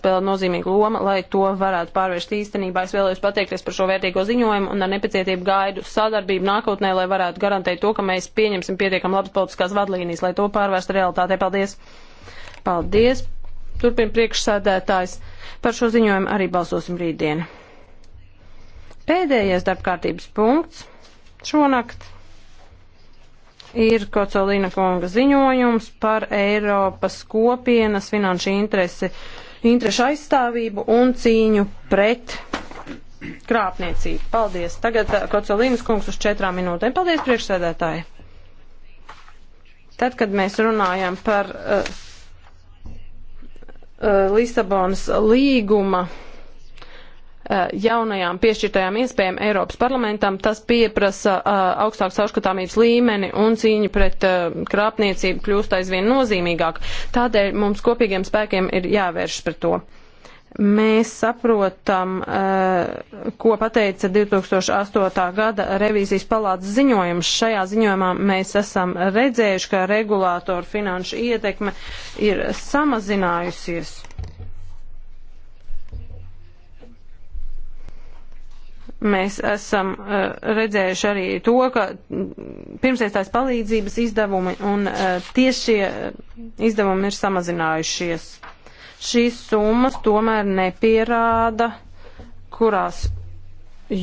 jāspēlē nozīmīga loma, lai to varētu pārvērst īstenībā. Es vēlējos pateikties par šo vērtīgo ziņojumu un ar nepacietību gaidu sadarbību nākotnē, lai varētu garantēt to, ka mēs pieņemsim pietiekam labas politiskās vadlīnijas, lai to pārvērstu realitātē. Paldies! Paldies! Turpin priekšsēdētājs. Par šo ziņojumu arī balsosim rītdien. Pēdējais darbkārtības punkts šonakt ir Kocolīna kunga ziņojums par Eiropas kopienas finanšu interesi interešu aizstāvību un cīņu pret krāpniecību. Paldies. Tagad eh, Kocelīnas kungs uz četrām minūtēm. Paldies, priekšsēdētāji. Tad, kad mēs runājam par uh, uh, Lisabonas līguma Eh, jaunajām piešķirtajām iespējām Eiropas parlamentam, tas pieprasa eh, augstāku sauškatāmības līmeni un cīņa pret eh, krāpniecību kļūst aizvien nozīmīgāk. Tādēļ mums kopīgiem spēkiem ir jāvēršas pret to. Mēs saprotam, ko pateica 2008. gada revīzijas palātas ziņojums. Šajā ziņojumā mēs esam redzējuši, ka regulātoru finanšu ietekme ir samazinājusies. Mēs esam uh, redzējuši arī to, ka pirmsēstās palīdzības izdevumi un uh, tiešie eh, izdevumi ir samazinājušies. Šīs summas tomēr nepierāda, kurās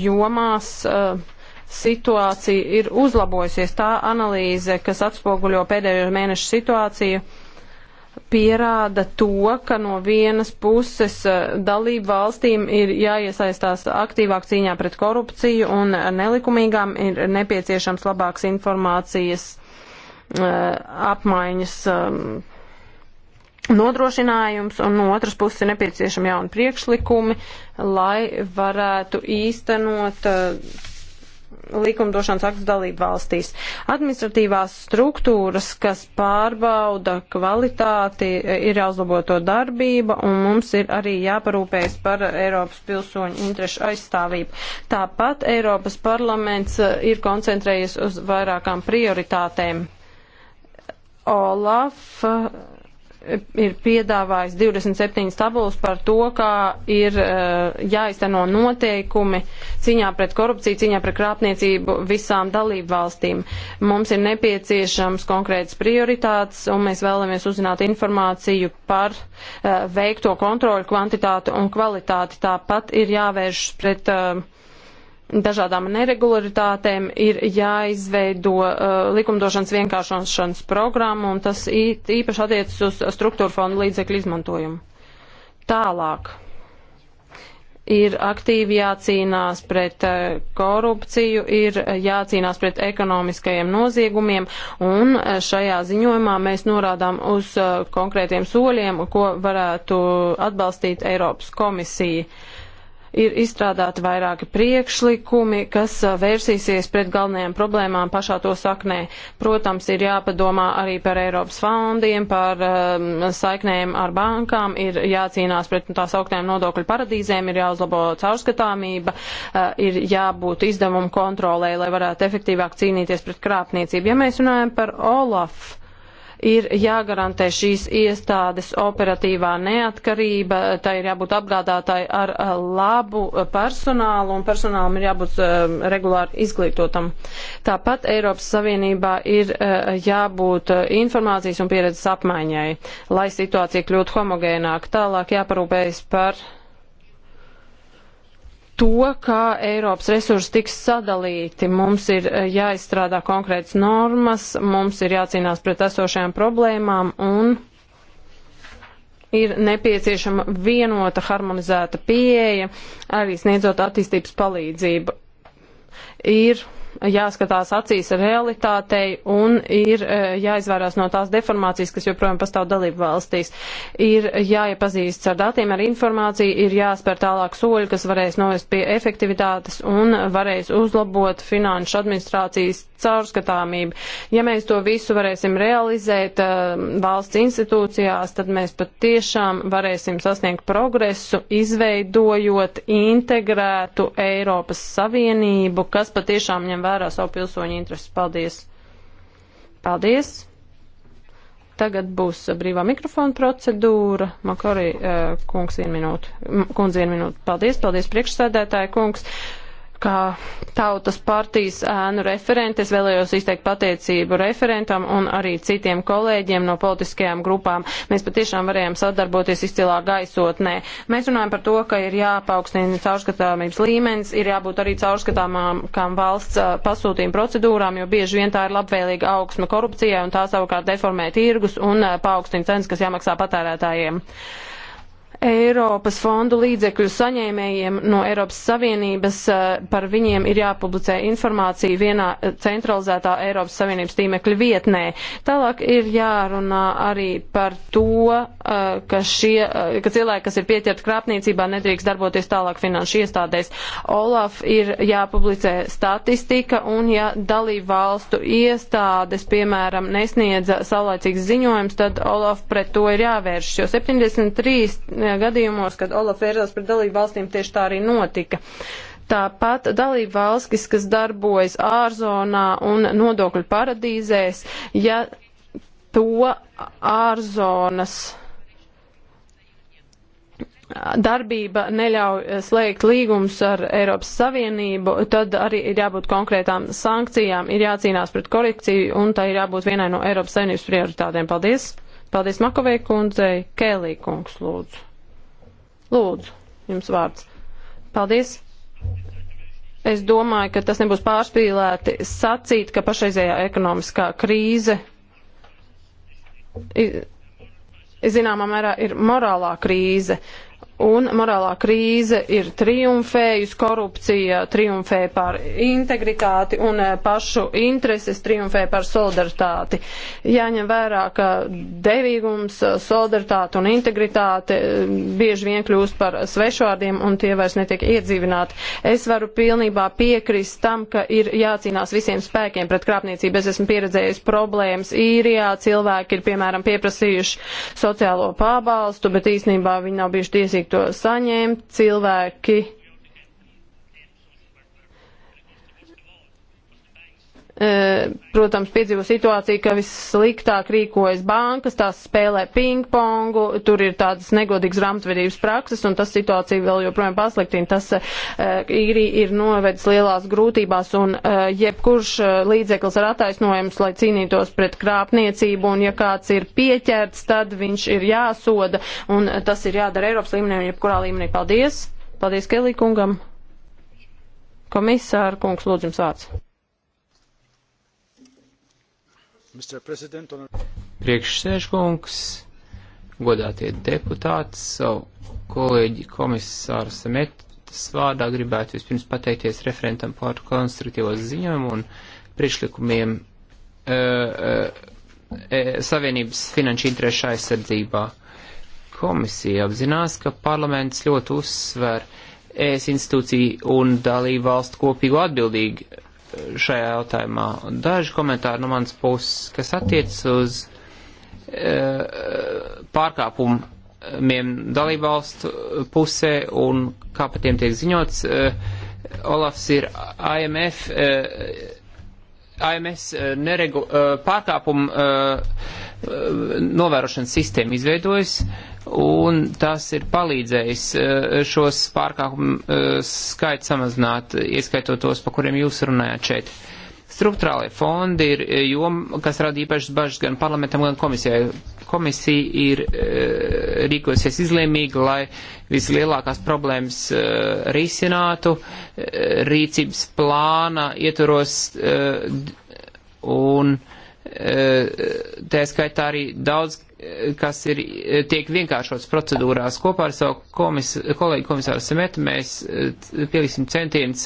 jomās uh, situācija ir uzlabojusies. Tā analīze, kas atspoguļo pēdējo mēnešu situāciju, uh, pierāda to, ka no vienas puses eh, dalību valstīm ir jāiesaistās aktīvāk cīņā pret korupciju un nelikumīgām ir nepieciešams labāks informācijas eh, apmaiņas ehm, nodrošinājums, un no otras puses ir nepieciešami jauni priekšlikumi, lai varētu īstenot uh, likumdošanas aktus dalību valstīs. Administratīvās struktūras, kas pārbauda kvalitāti, ir jāuzlabo to darbība, un mums ir arī jāparūpējas par Eiropas pilsoņu interešu aizstāvību. Tāpat Eiropas parlaments eh, ir koncentrējies uz vairākām prioritātēm. Olaf ir piedāvājis 27 tabulas par to, kā ir uh, jāizteno noteikumi cīņā pret korupciju, cīņā pret krāpniecību visām dalību valstīm. Mums ir nepieciešams konkrētas prioritātes, un mēs vēlamies uzzināt informāciju par uh, veikto kontroļu kvantitāti un kvalitāti. Tāpat ir jāvēršas pret uh, dažādām neregularitātēm ir jāizveido uh, likumdošanas vienkāršošanas programma, un tas īpaši attiecas uz struktūra fonda līdzekļu izmantojumu. Tālāk ir aktīvi jācīnās pret uh, korupciju, ir jācīnās pret ekonomiskajiem noziegumiem, un uh, šajā ziņojumā mēs norādām uz uh, konkrētiem soļiem, ko varētu atbalstīt Eiropas komisija. Uh, ir izstrādāti vairāki priekšlikumi, kas uh, vērsīsies pret galvenajām problēmām pašā to saknē. Protams, ir jāpadomā arī par Eiropas fondiem, par um, saiknēm ar bankām, ir jācīnās pret nu, tās augtējām nodokļu paradīzēm, ir jāuzlabo caurskatāmība, uh, ir jābūt izdevumu kontrolē, lai varētu efektīvāk cīnīties pret krāpniecību. Ja mēs runājam par Olafu, ir jāgarantē šīs iestādes operatīvā neatkarība, tai ir jābūt apgādātāji ar eh, labu eh, personālu un personālam ir jābūt eh, regulāri izglītotam. Tāpat Eiropas Savienībā ir jābūt informācijas un pieredzes apmaiņai, lai situācija kļūtu homogēnāk. Tālāk jāparūpējas par to, kā Eiropas resursi tiks sadalīti. Mums ir eh, jāizstrādā konkrētas normas, mums ir jācīnās pret esošajām problēmām un ir nepieciešama vienota harmonizēta pieeja, arī sniedzot attīstības palīdzību. Ir jāskatās acīs realitātei un ir e, jāizvairās no tās deformācijas, kas joprojām pastāv dalību valstīs. Ir jāiepazīstas ar datiem, ar informāciju, ir jāspēr tālāk soļi, kas varēs novest pie efektivitātes un varēs uzlabot finanšu administrācijas caurskatāmība. Ja mēs to visu varēsim realizēt eh, valsts institūcijās, tad mēs pat tiešām varēsim sasniegt progresu, izveidojot integrētu Eiropas Savienību, kas patiešām ņem vērā savu pilsoņu intereses. Paldies! Paldies! Tagad būs brīvā mikrofona procedūra. Makarī, eh, kungs, vienu minūtu. Kundze, vienu minūtu. Paldies, paldies, priekšsēdētāji, kungs. Uh, kā tautas partijas ēnu referente. Es vēlējos izteikt pateicību referentam un arī citiem kolēģiem no politiskajām grupām. Mēs patiešām varējām sadarboties izcilā gaisotnē. Mēs runājam par to, ka ir jāpaukstina caurskatāmības līmenis, ir jābūt arī caurskatāmām valsts pasūtījuma procedūrām, jo bieži vien tā ir labvēlīga augsme korupcijai un tā savukārt deformē tirgus un paaugstina cenas, kas jāmaksā patērētājiem. Uh, Eiropas fondu līdzekļu saņēmējiem no Eiropas Savienības eh, par viņiem ir jāpublicē informācija vienā eh, centralizētā Eiropas Savienības tīmekļa vietnē. Tālāk ir jārunā arī par to, eh, ka, šie, ka cilvēki, kas ir pieķerti krāpniecībā, nedrīkst darboties tālāk finanšu iestādēs. Olaf ir jāpublicē statistika un ja dalību valstu iestādes, piemēram, nesniedza saulēcīgs ziņojums, tad Olaf pret to ir jāvēršas, jo 73 gadījumos, kad Olaf vērsās pret dalību valstīm, tieši tā arī notika. Tāpat dalība valstis, kas darbojas ārzonā un nodokļu paradīzēs, ja to ārzonas darbība neļauj slēgt līgumus ar Eiropas Savienību, tad arī ir jābūt konkrētām sankcijām, ir jācīnās pret korekciju un tā ir jābūt vienai no Eiropas Savienības prioritātēm. Paldies! Paldies Makovei kundzei, Kēlī kungs lūdzu. Lūdzu, jums vārds. Paldies. Es domāju, ka tas nebūs pārspīlēti sacīt, ka pašreizējā ekonomiskā krīze zināmā mērā ir morālā krīze. Uh, un morālā krīze ir triumfējusi, korupcija triumfē par integritāti un eh, pašu intereses triumfē par solidaritāti. Jāņem vērā, ka devīgums, solidaritāte un integritāte eh, bieži vien kļūst par svešvārdiem un tie vairs netiek iedzīvināti. Es varu pilnībā piekrist tam, ka ir jācīnās visiem spēkiem pret krāpniecību. Es esmu pieredzējis problēmas īrijā, cilvēki ir piemēram pieprasījuši sociālo pabalstu, bet īstenībā viņi nav bijuši tiesīgi to saņemt, cilvēki E, protams, piedzīvo situāciju, ka vissliktāk rīkojas bankas, tās spēlē ping-pongu, tur ir tādas negodīgas grāmatvedības prakses, un tas situācija vēl joprojām pasliktina. Tas e, īri ir novedis lielās grūtībās, un e, jebkurš līdzeklis ir attaisnojams, lai cīnītos pret krāpniecību, un ja kāds ir pieķerts, tad viņš ir jāsoda, un tas ir jādara Eiropas līmenī un jebkurā līmenī. Paldies! Paldies Kelī kungam! Komisāra kungs, lūdzu jums vārds. Priekšsēžkungs, godātie deputāti, savu kolēģi komisāru Sametas vārdā gribētu vispirms pateikties referentam par konstruktīvo ziņojumu un priekšlikumiem uh, uh, Savienības finanšu interešu aizsardzībā. Komisija apzinās, ka parlaments ļoti uzsver ES institūciju un dalību valstu kopīgu atbildīgu šajā jautājumā. Daži komentāri no manas puses, kas attiecas uz e, pārkāpumiem dalībvalstu pusē un kā par tiem tiek ziņots. E, Olafs ir IMF AMS eh, neregu, eh, pārkāpumu eh, novērošanas sistēma izveidojas, un tas ir palīdzējis šos pārkāpumu skaitu samazināt, ieskaitot tos, pa kuriem jūs runājāt šeit. Struktūrālie fondi ir joma, kas rada īpašas bažas gan parlamentam, gan komisijai. Komisija ir rīkosies izlēmīgi, lai vislielākās problēmas uh, risinātu. Eh, rīcības plāna ietvaros uh, un tā skaitā arī daudz, kas ir, tiek vienkāršots procedūrās. Kopā ar savu komis, kolēģi komisāru Semetu mēs pieliksim centienus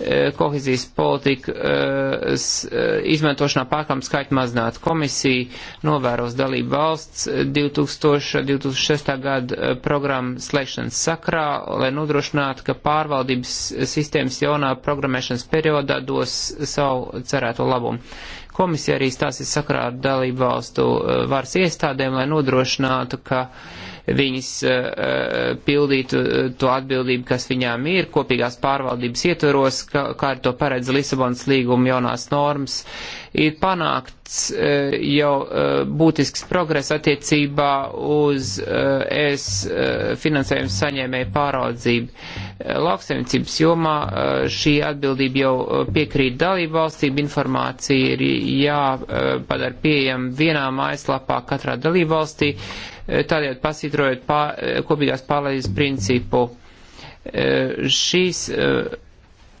Eh, kohezijas politikas eh, eh, izmantošanā pārkāpumu skaitu mazināt. Komisija novēros dalību valsts 2000-2006. gada programmu slēgšanas sakrā, lai nodrošinātu, ka pārvaldības sistēmas jaunā programmēšanas periodā dos savu cerēto labumu. Komisija arī stāsies sakrā ar dalību valstu varas iestādēm, lai nodrošinātu, ka uh, viņas eh, eh, pildītu eh, to atbildību, kas viņām ir kopīgās pārvaldības ietvaros, kā, kā to paredz Lisabonas līguma jaunās normas, ir panākts jau būtisks progress attiecībā uz es finansējumu saņēmēju pāraudzību. Lauksaimniecības jomā šī atbildība jau piekrīt dalību valstīm, informācija ir jāpadara pieejama vienā mājaslapā katrā dalību valstī. Uh, tādējādi pasītrojot pār, eh, kopīgās pārlaides principu. Eh, šīs eh,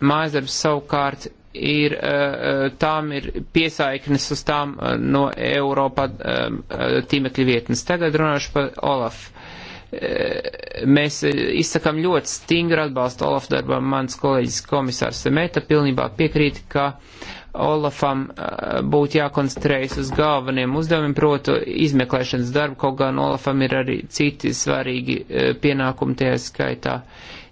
mājasdarbs savukārt ir, tām ir piesaiknes uz tām no Eiropā tīmekļa vietnes. Tagad runāšu par Olafu Mēs eh, izsakam ļoti stingru atbalstu Olaf darbam. Mans kolēģis komisārs Semeta pilnībā piekrīt, ka Olafam eh, būtu jākoncentrējas uz galveniem uzdevumiem, protu izmeklēšanas darbu, kaut gan Olafam ir arī citi svarīgi eh, pienākumi tajā skaitā,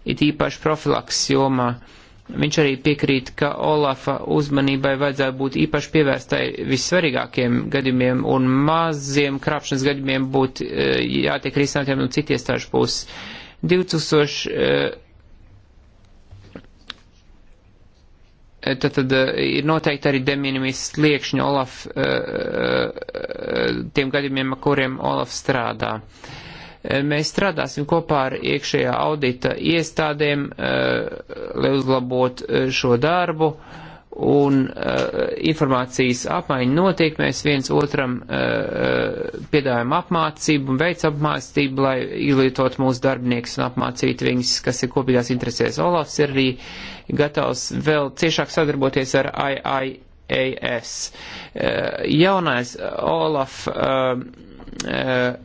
it īpaši profilaks jomā. Uh, Viņš arī piekrīt, ka Olafa uzmanībai vajadzētu būt īpaši pievērstai vissvarīgākiem gadījumiem un maziem krāpšanas gadījumiem būtu e, jātiek risinātiem no citu iestāžu puses. 2000. E, tad, tad e, ir noteikti arī deminimis sliekšņi Olaf tiem gadījumiem, ar kuriem Olaf strādā. Uh, Mēs strādāsim kopā ar iekšējā audita iestādēm, eh, lai uzlabotu eh, šo darbu un uh, informācijas apmaiņa notiek, mēs viens otram uh, piedāvājam apmācību un veic apmācību, lai izglītot mūsu darbinieks un apmācītu viņus, kas ir kopīgās interesēs. Olafs ir arī gatavs vēl ciešāk sadarboties ar IIAS. Uh, jaunais Olaf. Uh, uh,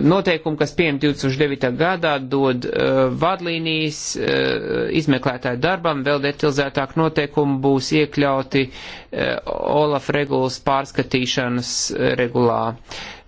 noteikumi, kas pieņem 2009. gadā, dod uh, vadlīnijas uh, izmeklētāju darbam, vēl detalizētāk noteikumi būs iekļauti uh, Olaf regulas pārskatīšanas regulā.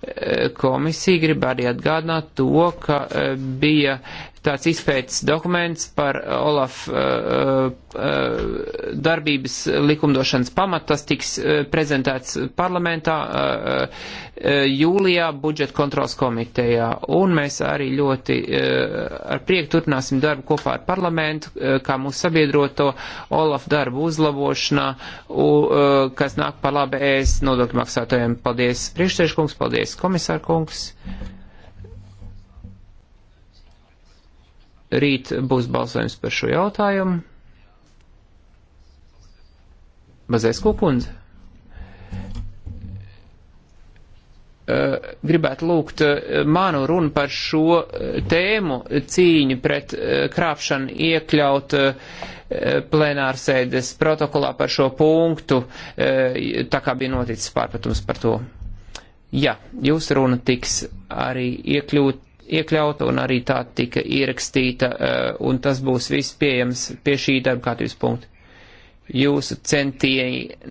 Uh, komisija grib arī atgādināt to, ka uh, bija tāds izpētes dokuments par Olaf uh, uh, darbības likumdošanas pamatu. Tas tiks uh, prezentēts parlamentā uh, uh, jūlijā budžeta kontrols komit komitejā, un mēs arī ļoti eh, ar prieku turpināsim darbu kopā ar parlamentu, eh, kā mūsu sabiedroto Olaf darbu uzlabošanā, eh, kas nāk par labi ēs nodokļu maksātājiem. Paldies, priekšsēžkungs, paldies, komisārkungs. Rīt būs balsojums par šo jautājumu. Bazēs Kukundze. Eh, gribētu lūgt eh, manu runu par šo eh, tēmu cīņu pret krāpšanu iekļaut plenārsēdes protokolā par šo punktu, tā kā bija noticis pārpratums par to. Jā, jūs runa tiks arī iekļūt, iekļauta un arī tā tika ierakstīta, un tas būs viss pieejams pie šī darba kārtības punkta. Jūsu centieni